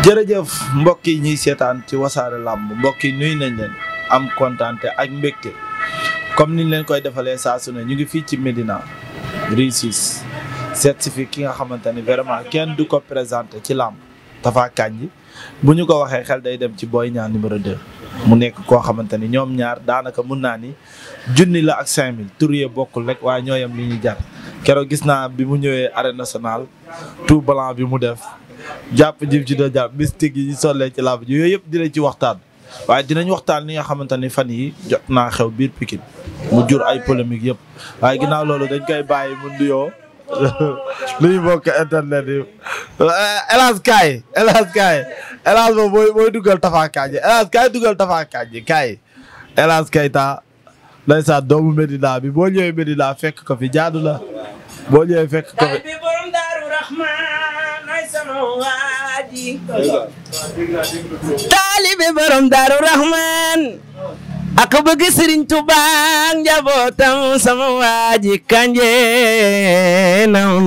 jërëjëf mbokk yi ñuy seetaan ci wasaare làmb mbokk yi nuyu nañ leen am kontaante ak mbégte comme niñ leen koy defalee saa su ne ñu ngi fii ci Médina Rue 6 ki nga xamante ni vraiment kenn du ko présenté ci làmb Tapha Kandji bu ñu ko waxee xel day dem ci Boy Niang numéro 2 mu nekk koo xamante ni ñoom ñaar daanaka mun naa ni junni la ak 5000 tur yee bokkul rek waaye yam li ñuy jar keroog gis naa bi mu ñëwee arène nationale tout blanc bi mu def jàpp jib ci doon jàpp mystique yi ñu sollee ci làmb ji yooyu yëpp dinañ ci waxtaan waaye dinañ waxtaan li nga xamante ni fan yi jot naa xew biir Pikine mu jur ay polémique yëpp waaye ginnaaw loolu dañ koy bàyyi mu nuyoo li ñu bokk internet yi eh, El Hadj Kaay El Hadj Kaay El Hadj moom mooy mooy dugal Tafa Kaaje El Hadj Kaay dugal Tafa Kaaje Kaay El Hadj Kayta ndeysaan doomu Medina bi boo ñëwee Medina fekk ko fi jaadu la boo ñëwee fekk ko fi. waaji taalibe borom daaru rahman ak bëgg sëriñ Tuubaa sama waaji kanjee naw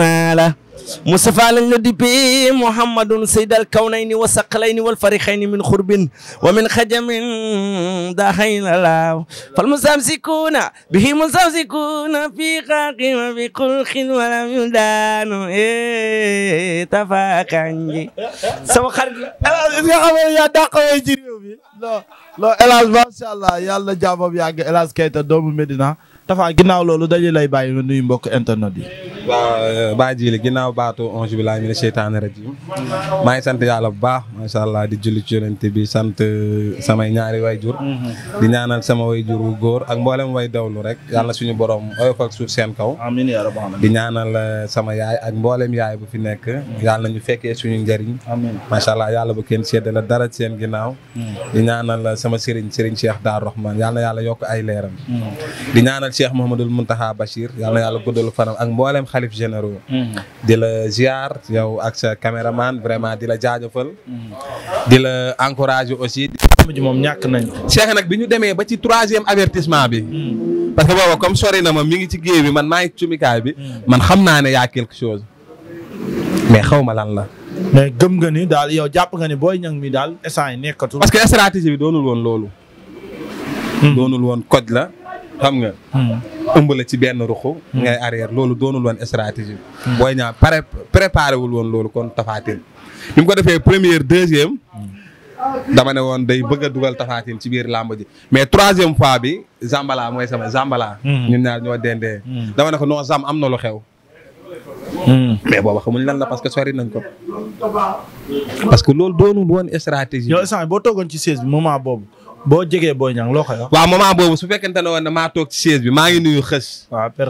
Moustapha lañ la dippee Mouhamadun Seydal Kawnayni wa Saqalayni wal Farixayni min xurbin wa min xajamin daxayna laaw fal mustamsikuuna bihi mustamsikuuna fi xaqin wa fi xulqin wa lam yudaanu eh, tafaakanji sama xarit nga xam ne yaa dàq way ci réew mi non non El Hadj macha allah yàlla jaamam yàgg El Hadj Keita doomu Medina Tafa ginnaaw loolu dañu lay bàyyi nga nuyu mbokk internet yi. waaw eh, Baye ginnaaw baatu onge bi laa ñu ne seytaane rajim maa ngi sant yàlla bu baax macha allah di julli ci yonent bi sant eh, samay ñaari jur di ñaanal sama jur wu góor ak mboolem way dawlu rek yàlla suñu borom oyof ak seen kaw. amiin yaa rabbal di ñaanal eh, sama yaay ak mboolem yaay bu fi nekk. yàlla ñu fekkee suñu njariñ amiin macha allah yàlla bu kenn sedd la dara seen ginnaaw. di ñaanal sama sëriñ sëriñ Cheikh Darou Rahman yàlla yàlla yokk ay leeram. Mm. di ñaanal Cheikh xalif généraux mm-hmm. di la ziar yow ak sa caméraman di la jaajëfal mm-hmm. di la encourager aussi ji moom ñàkk nañ Cheikh nag bi ñu demee ba ci troisième avertissement bi mm-hmm. parce que booba comme sori na ma mi ngi ci géew bi man maa ngi ci cumikaay bi man xam naa ne yaa quelque chose mais xaw ma lan la mais gëm nga ni daal yow jàpp nga ni booy ñang mi daal instant nekkatu nekkatul parce que stratégie bi doonul woon loolu doonul woon koj la xam nga. Hmm. ëmb la ci benn ruxu. Hmm. ngay arrière loolu doonul woon stratégie. Hmm. booy ñaa pare préparé woon loolu kon tafaatin bi mu ko defee première deuxième. dama ne woon day bëgg a dugal tafaatin ci biir làmb ji mais troisième fois bi Zambala mooy sama Zambala. ñun ñaar ñoo dendee. dama ne ko non Zam am na lu xew. mais booba xamuñ lan la parce que sori nañ ko. parce que loolu doonul woon stratégie. yow boo toogoon ci siège moment boobu. boo jegee Boy Niang loo koy wax. waaw moment boobu su fekkente ne woon maa toog ci chaise bi maa ngi nuyu xës. waaw per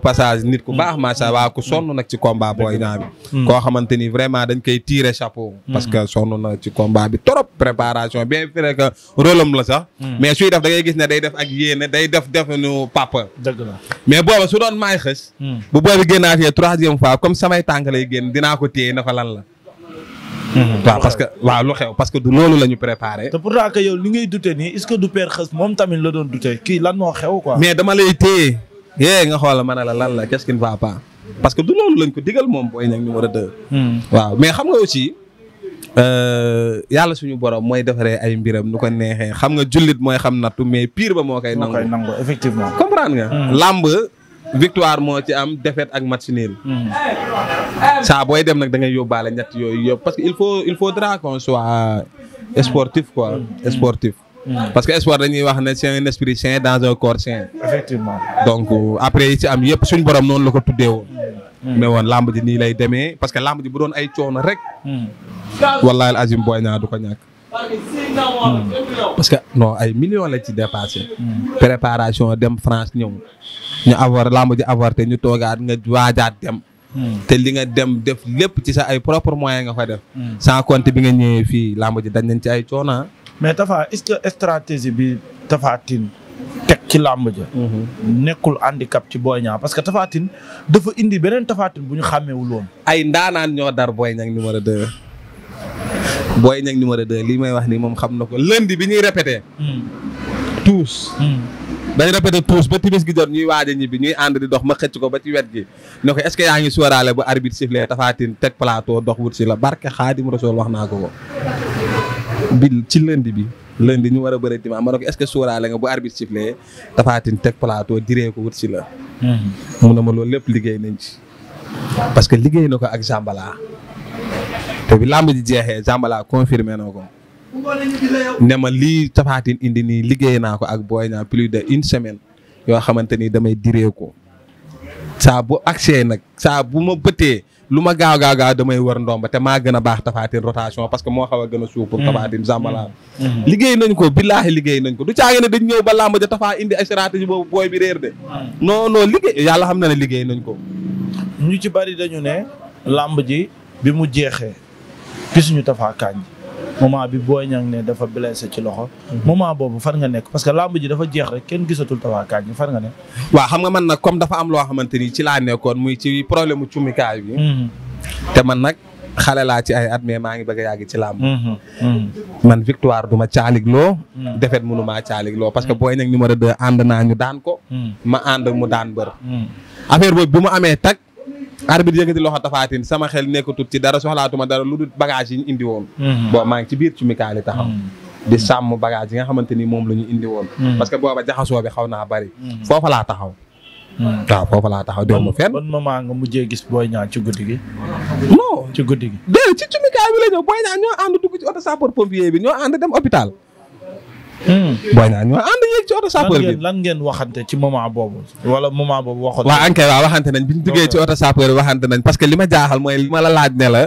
passage nit ku baax mm. macha allah ku mm. sonn nag ci combat Boy Niang bi. Mm. koo xamante ni vraiment dañ koy tirer chapeau. parce que sonn na ci combat bi trop préparation bien vrai que la sax. mais suy def da ngay gis ne day def ak yéene day def def nu papa. dëgg la mais booba su doon maay xës. bu boobu génnaatee troisième fois comme samay tànk lay génn dinaa ko téye na fa lan la. waaw parce que waaw lu xew parce que du loolu la ñu préparé. te pourtant que yow li ngay dute nii est-ce que du père xës moom tamit la doon dute kii lan moo xew quoi. mais dama lay téye. yee eh, nga xoola ma ne la lan la qu'est-ce qui ne va pas. parce que du loolu lañ ko digal moom booy ñag numéro deux. Hmm. waaw mais xam nga aussi. Euh, yàlla suñu borom mooy defaree ay mbiram nu ko neexee xam nga jullit mooy xam nattu mais pire ba moo koy nangu. moo koy nangu effectivement nga. Hmm. làmb victoire moo ci am défaite ak match nul. Mm-hmm. saa booy dem nag da ngay yóbbaale ñett yooyu yëpp parce que il faut il faudra qu'on soit sportif quoi mm-hmm. sportif. Mm-hmm. parce que sport dañuy wax ne c'est un esprit sain dans un effectivement donc après yi ci am yëpp suñ borom noonu la ko tuddee woon. mais woon lamb ji nii lay demee parce que lamb ji bu doon ay coono rek. wallahi al azim booy naa du ko ñàkk. parce que no ay millions la ci dépassé. préparation dem France ñëw. ñu avoir làmb ji avoir te ñu toogaat nga waajaat dem. Hmm. te li nga dem def lépp ci sa ay propre moyen nga fa def. Hmm. san compter bi nga ñëwee fii làmb ji dañ nañ ci ay coono ah. mais Tafa est stratégie bi tafaatin Tine teg ci làmb ja andi mhm. handicap ci Boy Niang parce que tafaatin Tine dafa indi beneen Tapha Tine bu ñu xàmmeewul woon. ay ndaanaan ñoo dar Boy Niang numéro 2. Boy Niang numéro 2 lii may wax nii moom xam na ko lundi bi ñuy répété. Hmm. tuus. Hmm. dañ répété tuus ba timis gi jot ñuy waaj a ñibbi ñuy ànd di dox ma xëcc ko ba ci wet gi ne ko est-ce que yaa ngi sóoraale bu arbitre sifflé tafaatin teg plateau dox wut si la barke xaadim rasool wax naa ko ko. bi ci lënd bi lënd ñu war a bëre dimanche ma ne ko est-ce que sóoraale nga bu arbitre sifflé tafaatin teg plateau diree ko wut si la. Hmm. mu ne ma loolu lépp liggéey nañ ci. parce que liggéey na ko ak Zambala te bi làmb ji jeexee Zambala confirmé na ko. ne ma lii Tapha indi nii liggéey naa ko ak Boy Niang plus de une semaine yoo xamante ni damay diree ko saa bu accès nag saa bu ma bëttee lu ma gaaw gaaw gaaw damay wër ndomba te maa gën a baax Tapha rotation parce que moo xaw a gën a suuf pour Tapha Tine mm. Mm. Mm. liggéey nañ ko billaahi liggéey nañ ko du caagi ne dañ ñëw ba làmb ja Tapha indi ay stratégie boobu booy bi réer de non liggéey yàlla xam na ne liggéey nañ ko ñu ci bari dañu ne làmb ji bi mu jeexee gisuñu Tapha moment bi Boy Niang ne dafa blessé ci loxo. moment boobu fan nga nekk parce que lamb dafa jeex rek kenn gisatul Tapha Kadji fan nga nekk. waaw xam nga man nag comme dafa am loo xamante ci laa nekkoon muy ci problème mu cummikaay bi. Mhm. te man nag xale laa ci ay at mais maa ngi bëgg a ci làmb mhm. Mhm. man victoire du ma caaligloo défaite mënu maa caaligloo parce que Boy Niang numéro 2 ànd naa ñu daan ko ma ànd mu daan bër affaire boobu bu ma amee tag arbitre yëkkati loxo tafaatin sama xel nekkatu ci dara soxlaatuma dara lu dul bagage yi ñu indi woon mhm. boo maa ngi ci biir ci mikaali taxaw mhm. di sàmm bagage yi nga xamante ni moom la ñu indi woon mhm. parce que booba jaxasoo bi xaw naa bari foofa laa taxaw waaw foofa laa taxaw doomu fenn ban moment nga mujjee gis Boy Niang ci guddi gi non ci guddi gi dé ci cumikaay bi la ñëw Boy ñoo ànd dugg ci oto sapeur pompier bi ñoo ànd dem hôpital Hmm. booy naa ñu ànd yeeg ci oto sapeur bi lan ngeen waxante ci moment boobu wala moment boobu waxoon waaw ankay waaw waxante nañ bi ñu duggee ci oto sapeur bi waxante nañ parce que li ma jaaxal mooy li ma la laaj ne la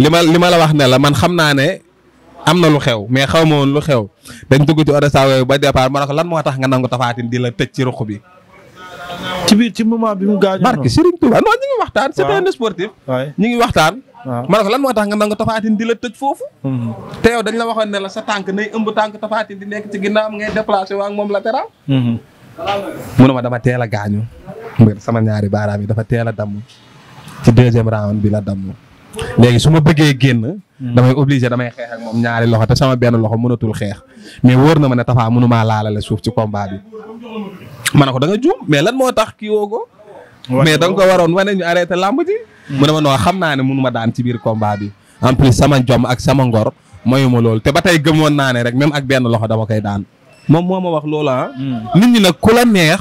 li ma li ma la wax ne la man xam naa ne am na lu xew mais xaw ma woon lu xew dañ dugg ci oto sapeur bi ba départ ma ne ko lan moo tax nga nangu tafaatin di la tëj ci ruq bi ci biir ci moment bi mu gaañoo barke Serigne Touba non ñu ngi waxtaan c'est sportif ñu ngi waxtaan ma ne ko lan moo tax nga nangu tafaatin di la tëj foofu mm-hmm. te yow dañ la waxoon ne la sa tànk nay ëmb tànk tafaatin di nekk ci ginnaaw am ngay déplacé waa ak moom latéral mm-hmm. mu ne ma dama teel a gaañu mbir sama ñaari baaraam yi dafa teel a damm ci deuxième round bi la damm léegi suma ma bëggee génn mm-hmm. damay obligé damay xeex moom ñaari loxo te sama benn loxo mënatul xeex mais wër na ma ne tafaa mënumaa laalale suuf ci combat bi ma ko da nga mais lan moo tax kii mais da nga ko waroon wane ñu arrêté lamb ji. mu ne ma noo xam naa ne mënu ma daan ci biir combat bi en plus sama jom ak sama ngor mayuma loolu te ba tey gëmoon naa ne rek même ak benn loxo dama koy daan moom moo ma wax loolu ah. Hmm. nit ñi nag ku la neex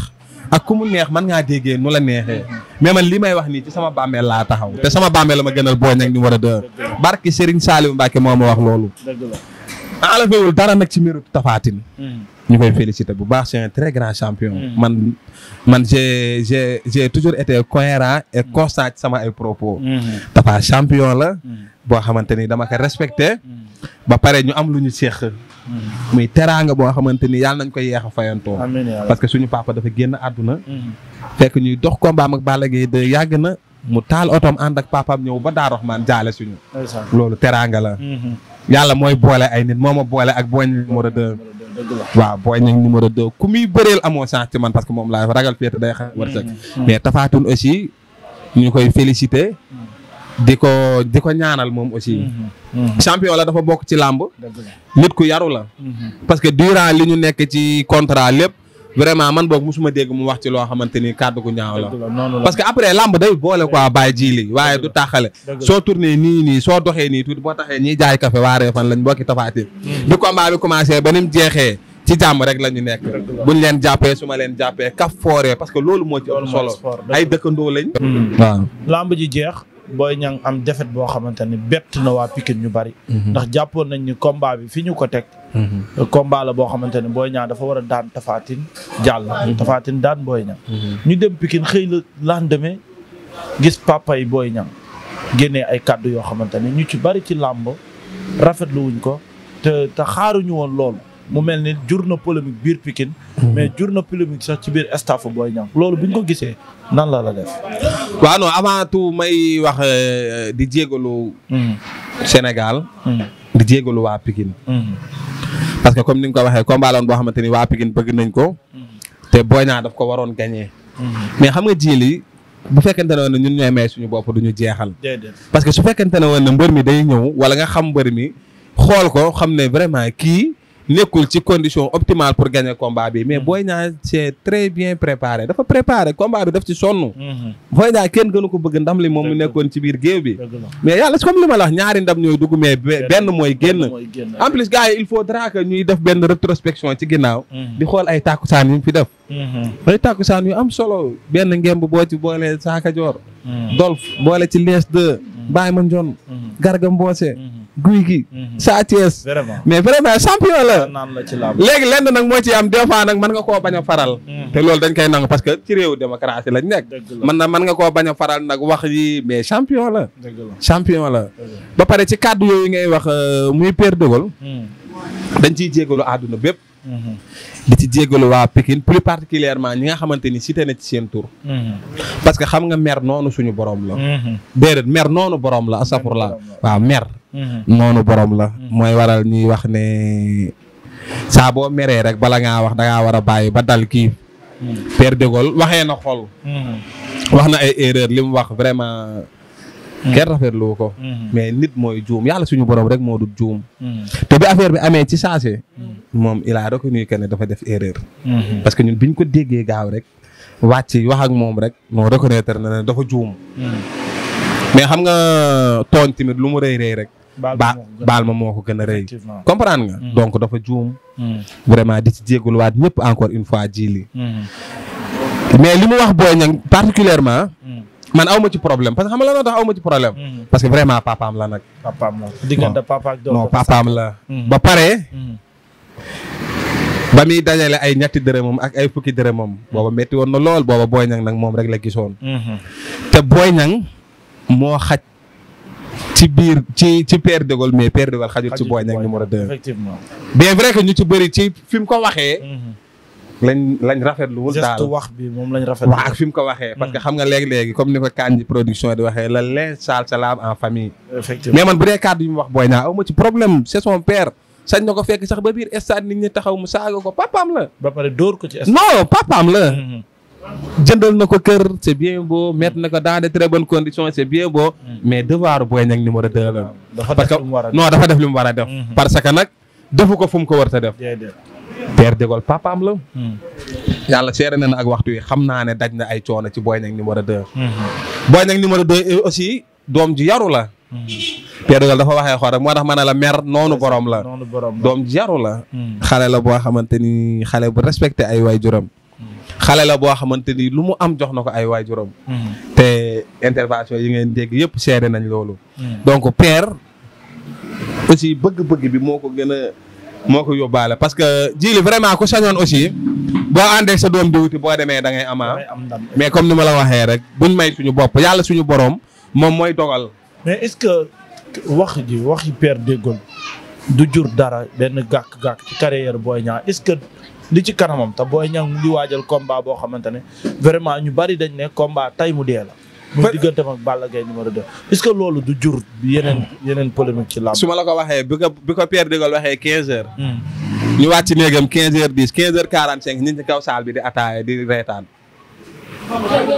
ak ku mu neex man ngaa déggee nu la neexee mais man li may wax nii ci sama bàmmeel laa taxaw te sama bàmmeel la ma gënal booñ ak a 2. barki Serigne Saliou Mbacke moo ma wax loolu. dëgg la alafewul dara nag ci mbiru Tapha Tine. Hmm. ñu koy félicité bu baax c'est un très grand champion. Mm. man man j'ai j'ai toujours été cohérent et mm. constant ci sama ay propos. dafa mm-hmm. champion la. Mm. boo xamante ni dama ko respecté. ba pare ñu am lu ñu séq. muy teraanga boo xamante ni yàlla nañ koy yeex a fayantoo. parce que suñu papa dafa génn àdduna. fekk ñuy dox combat ak Balla Gaye de yàgg na mu taal otoom ànd ak papaam ñëw ba Daaru Rahmaan jaale suñu. loolu teraanga la. Mm-hmm. yàlla mooy boole ay nit moo ma boole ak booñ waaw booy ñang numéro deux ku muy bëreel amoo chance ci man parce que moom laa ragal féete day xa mm-hmm. wërsëg mm-hmm. mais Tapha aussi ñu koy féliciter mm-hmm. di ko di ko ñaanal moom aussi champion la dafa bokk ci làmb nit ku yaru la parce que durant li ñu nekk ci contrat lépp vraiment man boog mosuma dégg mu wax ci loo xamante ni kàddu gu ñaaw la parce que après lamb day boole quoi bàyyi ji li waaye du tàqale soo tourné nii nii soo doxee nii tuuti boo taxee ñiy jaay café waaree fan lañ bokki tafaati mm. bi combat bi commencé ba ni jeexee ci jàmm rek la ñu nekk ñu leen jàppee su ma leen jàppee kaf fooree parce que loolu moo ci ëpp solo ay dëkkandoo lañ mm. waaw lamb ji jeex Boy Niang am défaite boo xamante ne bett na waa Pikine ñu bari. Mhm. ndax jàppoon nañ ni combat bi fi ñu ko teg. Mhm. combat la boo xamante ne Boy Niang dafa war a daan Tapha jàll. Mhm. tafaatin Tine daan Boy Niang. ñu dem Pikine xëy la lendemain gis papa booy Boy génne ay kàddu yoo xamante ne ñu ci bari ci làmb rafetlu wuñ ko te te xaaruñu woon lool mu mel ni jur na polémique biir Pikine hmm. mais jur na polémique sax ci biir staff Boy Niang loolu bu ñu ko gisee nan la la def. waaw non avant tout may wax euh, di jégalu. Hmm. Sénégal. Hmm. di jégalu waa Pikine. parce que comme ni nga ko waxee combat la boo xamante ni waa Pikine bëgg nañ ko. te Boy Niang daf ko waroon gagné. mais xam nga jiili bu fekkente ne woon ne ñun ñooy may suñu bopp du ñu jeexal. parce que su fekkente ne woon ne mbër mi day ñëw wala nga xam mbër mi xool ko xam ne vraiment kii. nekkul ci condition optimale pour gagner combat bi mais mm-hmm. Boy Niang c'est très bien préparé dafa préparé combat bi daf ci sonn. Mm-hmm. Boy Niang kenn gënu ko bëgg ndam li moom mu nekkoon ci biir géew bi. mais yàlla comme li ma la wax ñaari ndam ñooy dugg mais benn mooy génn. en plus gars yi il faudra que ñuy def benn rétrospection ci ginnaaw. Mm-hmm. di xool ay tàkkusaan yu mu fi def. ay tàkkusaan yu am solo benn ngemb boo ci boole Saaka Joor. Dolf boole ci Lies 2. Baye Mandione. Garga Mbossé. guy gi. Mhm. Sa Thiès mais vraiment champion la. léegi lenn nag moo ci am des fois nag mën nga koo bañ a faral. Mhm. te loolu dañ koy nang parce que ci réew démocratie lañ nekk. man na mën nga koo bañ a faral nag wax yi mais champion la. champion la. ba pare ci kàddu yooyu ngay wax euh, muy Père de dañ ciy jégalu àdduna bépp. di ci jégalu waa Pikine plus particulièrement ñi nga xamante ni cité na ci seen tur. parce que xam nga mer noonu suñu borom la. déedéet mer noonu borom la astafurlah waaw mer. noonu borom la. mooy waral ñuy wax ne saa boo meree rek bala nga wax danga ngaa war a bàyyi ba dal kii. Père de waxee na xol. wax na ay erreur li wax vraiment. Mm-hmm. kenn rafetlu ko. Mm-hmm. mais nit mooy juum yàlla suñu borom rek moo dul juum. Mm-hmm. te bi affaire bi amee ci changé. moom il a reconnu que dafa def erreur. parce que ñun biñ ko déggee gaaw rek wàcc wax ak moom rek moo reconnaître na ne dafa juum. mais xam nga tooñ tamit lu mu rey rëy rek. baal ma moo ko gën a rëy comprendre nga donc dafa juum vraiment di ci waat ñëpp encore une fois ji li li mu wax Boy Niang particulièrement man aw ma ci problème parce que xam nga lan moo tax aw ma ci problème. Mm-hmm. parce que vraiment papaam la nag. papaam papaam la. Mm-hmm. ba pare. Mm-hmm. ba muy dajale ay ñetti dërëmam ak ay fukki dërëmam booba metti woon na lool booba Boy Niang nag moom rek la gisoon. te Boy Niang moo xaj ci biir ci ci Père de Gaulle mais Père de xajul ci Boy Niang numéro 2. effectivement bien vrai que ñu ci bëri ci fi ko waxee. lañ lañ rafetluwul daal gestu wax bi moom lañ rafetlu wax ak fi mu ko waxee. parce que mm. xam nga léegi-léegi comme ni ko Kandji production di waxee la lin sal salaam en famille. effectivement mais man bu dee kàddu yi mu wax booy naa aw ma ci problème c'est son père. sañ na ko fekk sax ba biir stade nit ñi taxaw mu saaga ko papaam la. ba pare dóor ko ci stade. non la. Mm-hmm. jëndal na ko kër c'est bien boo mettre na ko dans de très bonnes conditions c'est bien beau. Mm. mais devoir Boy Niang numéro 2 la. dafa def mu war a def parce que non dafa def lu mu war a def. Mm-hmm. parce que nag defu ko fu mu ko war a def. Père de Gaulle papaam la. Hmm. yàlla seere na na ak waxtu wi xam naa ne daj na ay coono ci Boy Niang numéro 2. Hmm. Boy Niang numéro 2 aussi doom ji yaru la. Hmm. Père de Gaulle dafa waxee xool rek moo tax ma ne la mer noonu borom la. doom ji yaru la. xale la boo xamante ni xale bu respecté ay waajuram. xale la boo xamante ni lu mu am jox na ko ay waajuram. te intervention yi ngeen dégg yëpp seere nañ loolu. donc Père aussi bëgg-bëgg bi moo ko gën moo ko yóbbaale parce que jili vraiment ku sañoon aussi boo àndee sa doom di wuti boo demee da ngay ama ah. mais comme ni ma la waxee rek buñ may suñu bopp yàlla suñu borom moom mooy dogal. mais est-ce que wax ji waxi Père Dégaule du jur dara benn gàkk-gàkk ci carrière Boy Niang est-ce que li ci kanamam te booy Niang mu ngi waajal combat boo xamante ne vraiment ñu bari dañ ne combat tay mu dee la. muy digganteem ak Balla Gaye numéro 2 que loolu du jur yeneen yeneen polémique ci làmb. su ma la ko waxee bi ko bi ko Pierre waxee 15 heures. Hmm. ñu wàcc néegam 15 heures 10 15 heures 45 nit ñi kaw saal bi di ataaya di reetaan.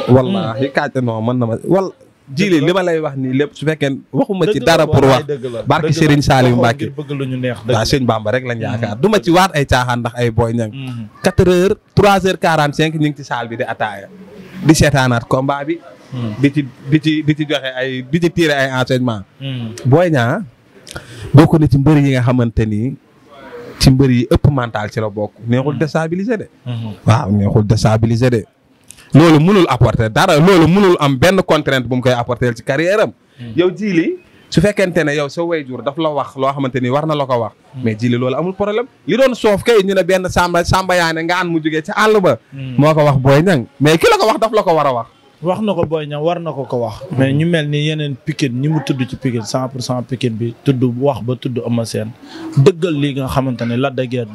wallaahi kàcce non mën na ma wal. jili li ma lay wax ni lépp su fekkee waxuma ci dara pour wax barki Serigne Salim Mbacke waaw sëñ Bamba rek lañ hmm. yaakaar du ma ci waat ay caaxaan ndax ay booy ñang hmm. quatre heures trois heures quarante cinq ñu ngi ci saal bi di ataaya di seetaanaat combat bi bi ci bi ci bi ci joxe ay bi ci tiré ay enseignement hmm. Boy Niang bokk na ci mbër yi nga xamante ni ci mbër yi ëpp mental ci la bokk neexul hmm. déstabiliser de hmm. waaw neexul déstabiliser de loolu mënul apporter dara loolu mënul am benn contrainte bu mu koy apporter ci carrière am yow jiili su fekkente ne yow sa wayjur daf la wax loo xamante ni war na la ko wax mais jili loolu amul problème li doon soof kay ñu ne benn samba samba yaane nga an mu jógee ci àll ba moo ko wax Boy Niang mais ki la ko wax daf la ko war a wax wax na ko Boy Niang war na ko ko wax. mais ñu mel ni yeneen Pikine ñi mu tudd ci Pikine 100 pour cent Pikine bi tudd wax ba tudd Eumeu Sène dëggal lii nga xamante ne Lac de Guiers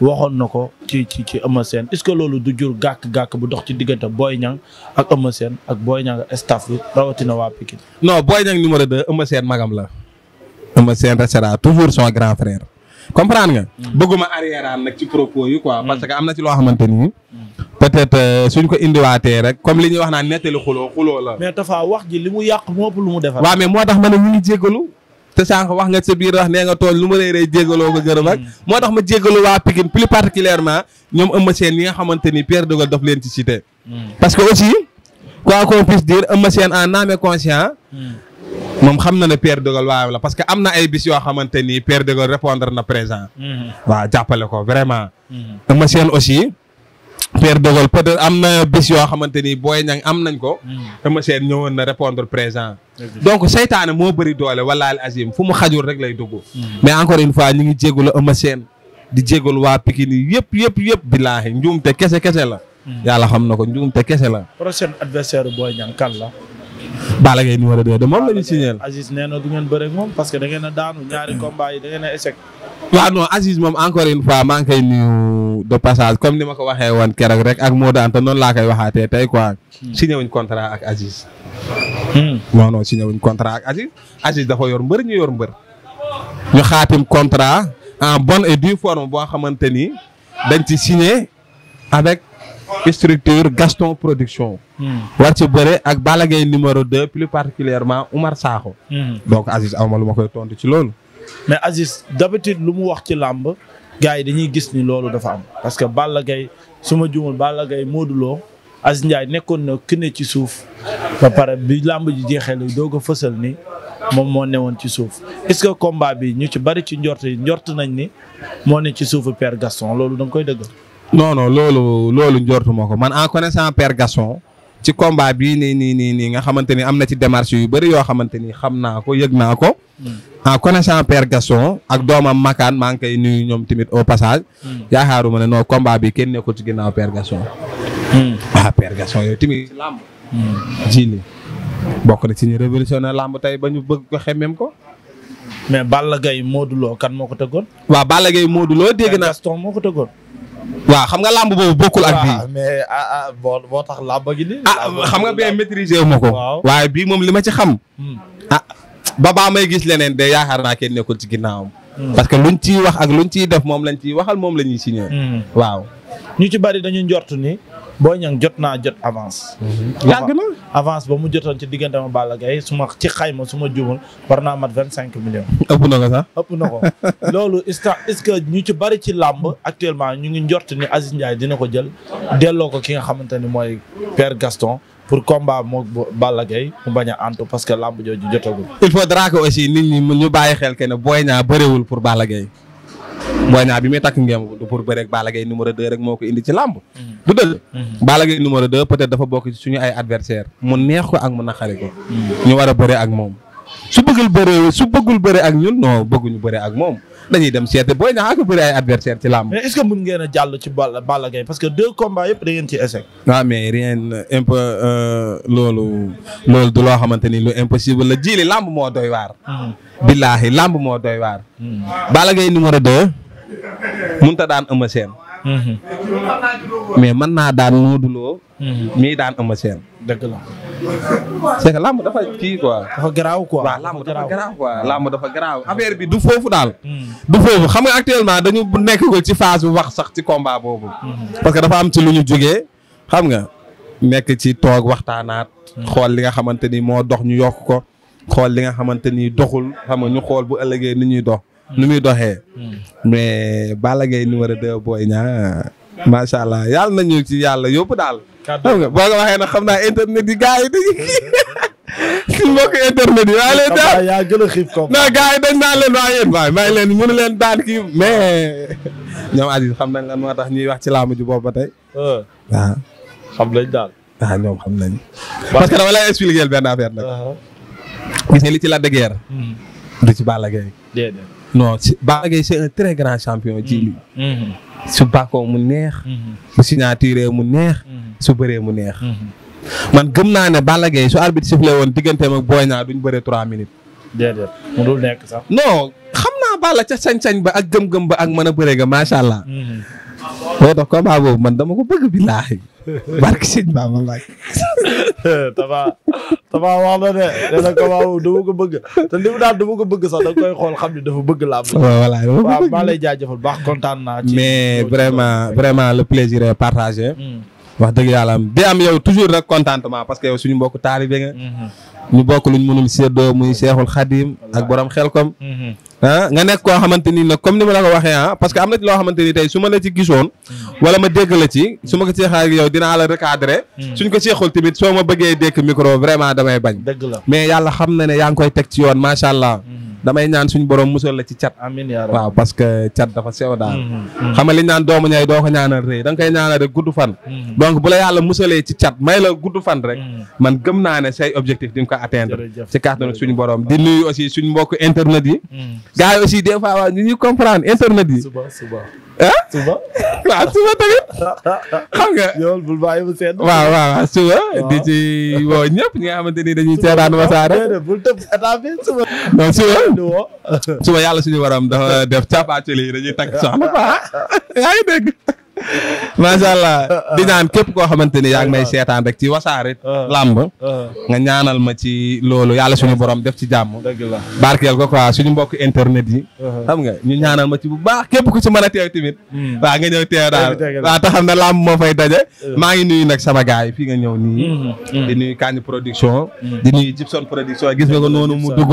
waxoon na ko ci ci ci Eumeu Sène ce que loolu du jur gàkk-gàkk bu dox ci diggante Boy Niang ak Eumeu Sène ak Boy Niang staff rawatina waa Pikine. non Boy Niang numéro 2 Eumeu Sène magam la. Eumeu Sène restera toujours son grand frère. comprendre nga. Mm. bëgguma arrière nag ci propos yi quoi. Mm. parce que am na ci loo xamante ni. Mm. peut-être euh, suñ ko indiwaatee rek comme li ñuy wax naa nettali xuloo xuloo la. mais Tafa wax ji li mu yàq moo lu mu defar. waaw mais moo tax ma ne ñu ngi jéggalu te sànq wax nga sa biir wax nee nga tool lu ma lay rey jéggaloo ko gërëm a hmm. moo tax ma jéggalu waa Pikine plus particulièrement ñoom Eumeu Sène yi nga xamante ni Pierre Dogal daf leen ci cité. Hmm. parce que aussi quoi qu'on puisse dire Eumeu Sène en âme et conscience. Hmm. moom xam na ne Pierre Dogal waaw la parce que am na ay bis yoo xamante ni Pierre Dogal répondre na présent. waaw jàppale ko vraiment. Eumeu Père Dogol peut am na bés yoo xamante ni Boy Niang am nañ ko. Hmm. Eumeu Sène ñëwoon na répondre présent. donc seytaane moo bëri doole walaal azim fu mu xajul rek lay dugg. Hmm. mais encore une fois ñu ngi jégalu Eumeu Sène di jégalu waa Pikine yëpp yëpp yëpp bilaahi njuumte kese kese la. Hmm. yàlla xam na ko njuumte kese la. prochain adversaire Boy Niang kan la. Balla Gaye ñu signé. Aziz nee na du ngeen bëre moom parce que da ngeen a daanu ñaari combat yi da ngeen a waa non Aziz moom encore une fois maa ngi koy nuyu de passage comme ni ma ko waxee woon keroog rek ak moo Anta noonu laa koy waxaatee tey quoi. Hmm. signé wuñ contrat ak Aziz. Hmm. non non signé wuñ contrat ak Aziz Aziz dafa yor mbër ñu yor mbër. ñu xaatim contrat en bonne et due forme boo xamante ni dañ ci signé avec structure Gaston Production. Hmm. war ci bëre ak Balla numéro 2 plus particulièrement Oumar Sakho. donc Aziz aw ma lu ma koy tontu ci loolu. mais Aziz d'habitude lu mu wax ci làmb gars yi dañuy gis ni loolu dafa am parce que Balla Gaye su ma juumul Balla Gaye Modou Lo Aziz Ndiaye nekkoon na ne ci suuf ba pare bi làmb ji jeexee la doog a fësal ni moom moo ne woon ci suuf est-ce que combat bi ñu ci bari ci njort yi njort nañ ni moo ne ci suufu Père Gaston loolu da nga koy dëgg. non non loolu loolu njortu moo ko man en connaissant Père Gaston ci combat bii nii nii nii nii nga xamante ni am na ci démarche yu bëri yoo xamante ni xam naa ko yëg naa ko. Hmm. en connaissant Père Gaston ak doomam Makan maa ngi koy nuyu ñoom tamit au passage. Hmm. yaakaaruma ne noo combat bi kenn nekkul ci ginnaaw Père Gaston. Hmm. ah Père Gaston yooyu tamit. làmb ji bokk na ci ñu révolutionné làmb tey ba ñu bëgg ko xemmeem ko. mais Balla Gaye Modou Lo kan moo ko tëggoon. waaw Balla Gaye Modou Lo dégg naa Gaston moo ko tëggoon. waaw xam nga làmb boobu bokkul ak bii. mais ah, ah boo tax làmb gi nii. ah xam nga bee maîtriser wu ma ko. waaye bii moom li ma ci xam. Hmm. ah ba baa may gis leneen de yaakaar naa kenn nekkul ci ginnaawam. Hmm. parce que luñ ciy wax ak luñ ciy def moom lañ ciy waxal moom la ñuy signé. Hmm. waaw. ñu ci bari dañu njort ni Boy Niang jot naa jot avance. Mhm. yàgg avance ba mu jotoon ci diggante ma Balla Gaye su ci xayma su ma juumul war naa mat vingt cinq millions. ëpp na ko sax ëpp na ko loolu est-ce que ñu ci bari ci làmb actuellement ñu ngi njort ni Aziz Ndiaye dina ko jël delloo ko ki nga xamante ni mooy Père Gaston. pour combat moo Balla Gaye mu bañ a antu parce que làmb jooju jotagul. il faudra que aussi nit ñi ñu bàyyi xel que ne booy Niang bëriwul pour Balla Boy Niang bi muy takk ngeem du pour bëre ak Balla Gaye numéro mm-hmm. dafa bokk suñu ay adversaire mu neex ko ak mu naqari ko mm-hmm. ñu war a bëre ak moom su bëggul bëre su bëggul bëre ak ñun non bëgguñu bëre ak moom dañuy dem seete booy Niang ak bëre ay adversaire ci làmb ngeen a jàll ci Balla Gaye parce que deux combats yëpp da ngeen ci échec waaw ah, mais rien euh, loo xamante ni lu impossible la jili làmb moo doy waar mm-hmm. billaahi làmb moo doy waar Balla Gaye numéro munta daan Eumeu Sène mm-hmm. mais mën naa daan Modou Lo mm-hmm. mii daan Eumeu Sène dëgg la c'est làmb dafa kii quoi dafa garaaw quoi waaw làmb dafa garaaw quoi làmb dafa garaaw mm-hmm. affaire bi du foofu daal du foofu xam nga actuellement dañu nekkagul ci phase bu wax sax ci combat boobu parce que dafa am ci lu ñu jógee xam nga nekk ci toog waxtaanaat xool li nga xamante ni moo dox ñu yokk ko xool li nga xamante ni doxul xam nga ñu xool bu ëllëgee ni ñuy dox nu muy doxee. Hmm. mais Balla Gaye numéro 2 Boy Niang macha allah yàlla nañu ci yàlla yóbbu daal. xam boo ko waxee nag xam naa internet yi gars yi dañuy si mbokk internet yi. waaye leen daal yaa gën a dañ naan leen may leen mënu leen daan kii mais ñoom Aziz xam nañ lan moo tax ñuy wax ci laamu ji boobu ba tey. Euh. xam nañ daal. waaw ah, ñoom xam nañ parce que dama lay expliquer benn affaire nag. Uh-huh. gis li ci la de hmm. du ci Balla non Balla Gaye c'est un très grand champion. ji mm-hmm. li mm-hmm. su bàkkoo mu neex. bu mm-hmm. signature mu neex. su bëree mu neex. man gëm naa ne Balla Gaye su arbitre sifflé woon digganteem ak Boy naa duñ bëree 3 minutes. déedéet mu dul nekk sax. non xam naa Balla ca sañ-sañ ba ak gëm-gëm ba ak mën a bëree ga macha allah. boobu man dama ko bëgg billaahi barke sëñ Bamba Mbaye Tapha Tapha wax na ne nee na ko waaw ko bëgg te li mu daal dama ko bëgg sax da koy xool xam ni dafa bëgg làmb. voilà waaw maa lay jaajëfal baax kontaan naa. mais vraiment vraiment le plaisir est partagé. Hmm. wax dëgg yàlla di am yow toujours rek contentement parce que yow suñu mbokk taalibe nga. Hmm. ñu bokk luñ mënul séddoo muy Seexul Xadim ak borom xel kom hmm. ah nga nekk koo xamante ni nag comme ni ma la ko waxee ah parce que am na ci loo xamante ni tey su ma la ci gisoon hmm. wala ma dégg la ci su ma ko seexaay yow dinaa la rek recadrer hmm. suñ ko seexul tamit soo ma bëggee dékk micro vraiment damay bañ dëgg la mais yàlla xam na ne yaa ngi koy teg ci yoon macha allah hmm. damay ñaan suñu borom musal la ci cat. amiin yaa waaw parce que cat dafa sew daal. Mm-hmm, mm-hmm. xam nga li naan doomu ñay doo ko ñaanal rëy da nga koy ñaanal rek gudd fan. Mm-hmm. donc bu la yàlla musalee ci cat may la gudd fan rek. man gëm naa ne say objectif di nga ko atteindre. ci kàttanu suñu borom di nuy aussi suñu mbokk internet yi. gars yi aussi des fois waa ñu ñuy comprendre internet yi. ah suba waaw suba tamit xam nga. yow bul bàyyi di ci woo ñëpp ñi nga xamante ni dañuy seetaan Wassare. bul tëb état bi suba. yàlla suñu waram dafa def cappaacule yi dañuy takk soxna quoi yaa ngi macha allah uh-uh. di ñaan képp koo xamante ni yaa ngi may uh-uh. seetaan rek ci wasaare. Uh-uh. làmb nga ñaanal ma ci loolu yàlla suñu borom def ci jàmm. dëgg la barkeel ko quoi suñu mbokk internet yi. Uh-huh. xam nga ñu ñaanal ma ci bu baax képp ku ci mën a teew tamit. Hmm. waa nga ñëw teew daal waa taxam ne làmb moo fay daje. Uh-huh. maa ngi nuyu nag sama gars yi fii nga ñëw nii. Hmm, hmm, di nuyu Kañ production. di nuyu Gibson production gis nga ko noonu mu dugg.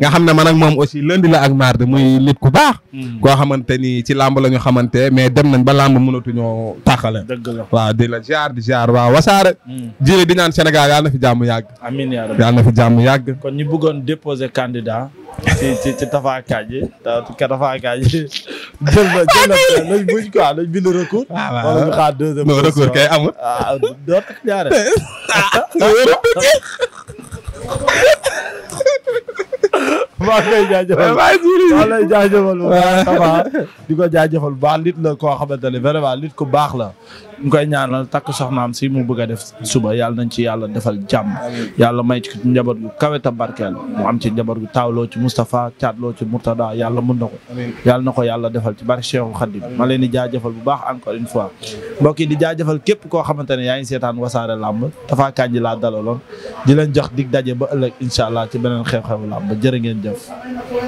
nga xam ne man ak moom aussi lundi la ak mardi muy nit ku baax. koo xamante mënatuñoo tàqale. dëgg la waaw di la ziar di ziar waaw wasaare. Hmm. jiile di ñaan Sénégal yàlla na fi jàmm yàgg. amiin fi jàmm yàgg. kon ñu bëggoon déposer candidat. ci ci ci ka Tapha Kandji jël na jël na nañ buñ quoi nañ bind recours. Ah, wala ñu kay amul. Ah, maa ngi koy jaajëfal maa ngi lay jaajëfal bu baax di ko jaajëfal bu baax nit la koo xamante ne vraiment nit ku baax la ñu koy ñaanal takk soxnaam si mu bëgg a def suba yàlla nañ ci yàlla defal jàmm yàlla may ci njaboot gu kawe ta mu am ci njaboot gu loo ci Moustapha caatloo ci Murtada yàlla mën na ko yàlla na ko yàlla defal ci barke Cheikhul Khadim ma leen di jaajëfal bu baax encore une fois mbokk yi di jaajëfal képp koo xamante ne yaa ngi seetaan wasaare làmb Tapha Kandji laa dalaloon di leen jox dig daje ba ëllëg incha allah ci beneen xew-xewu làmb jërë ngeen jëf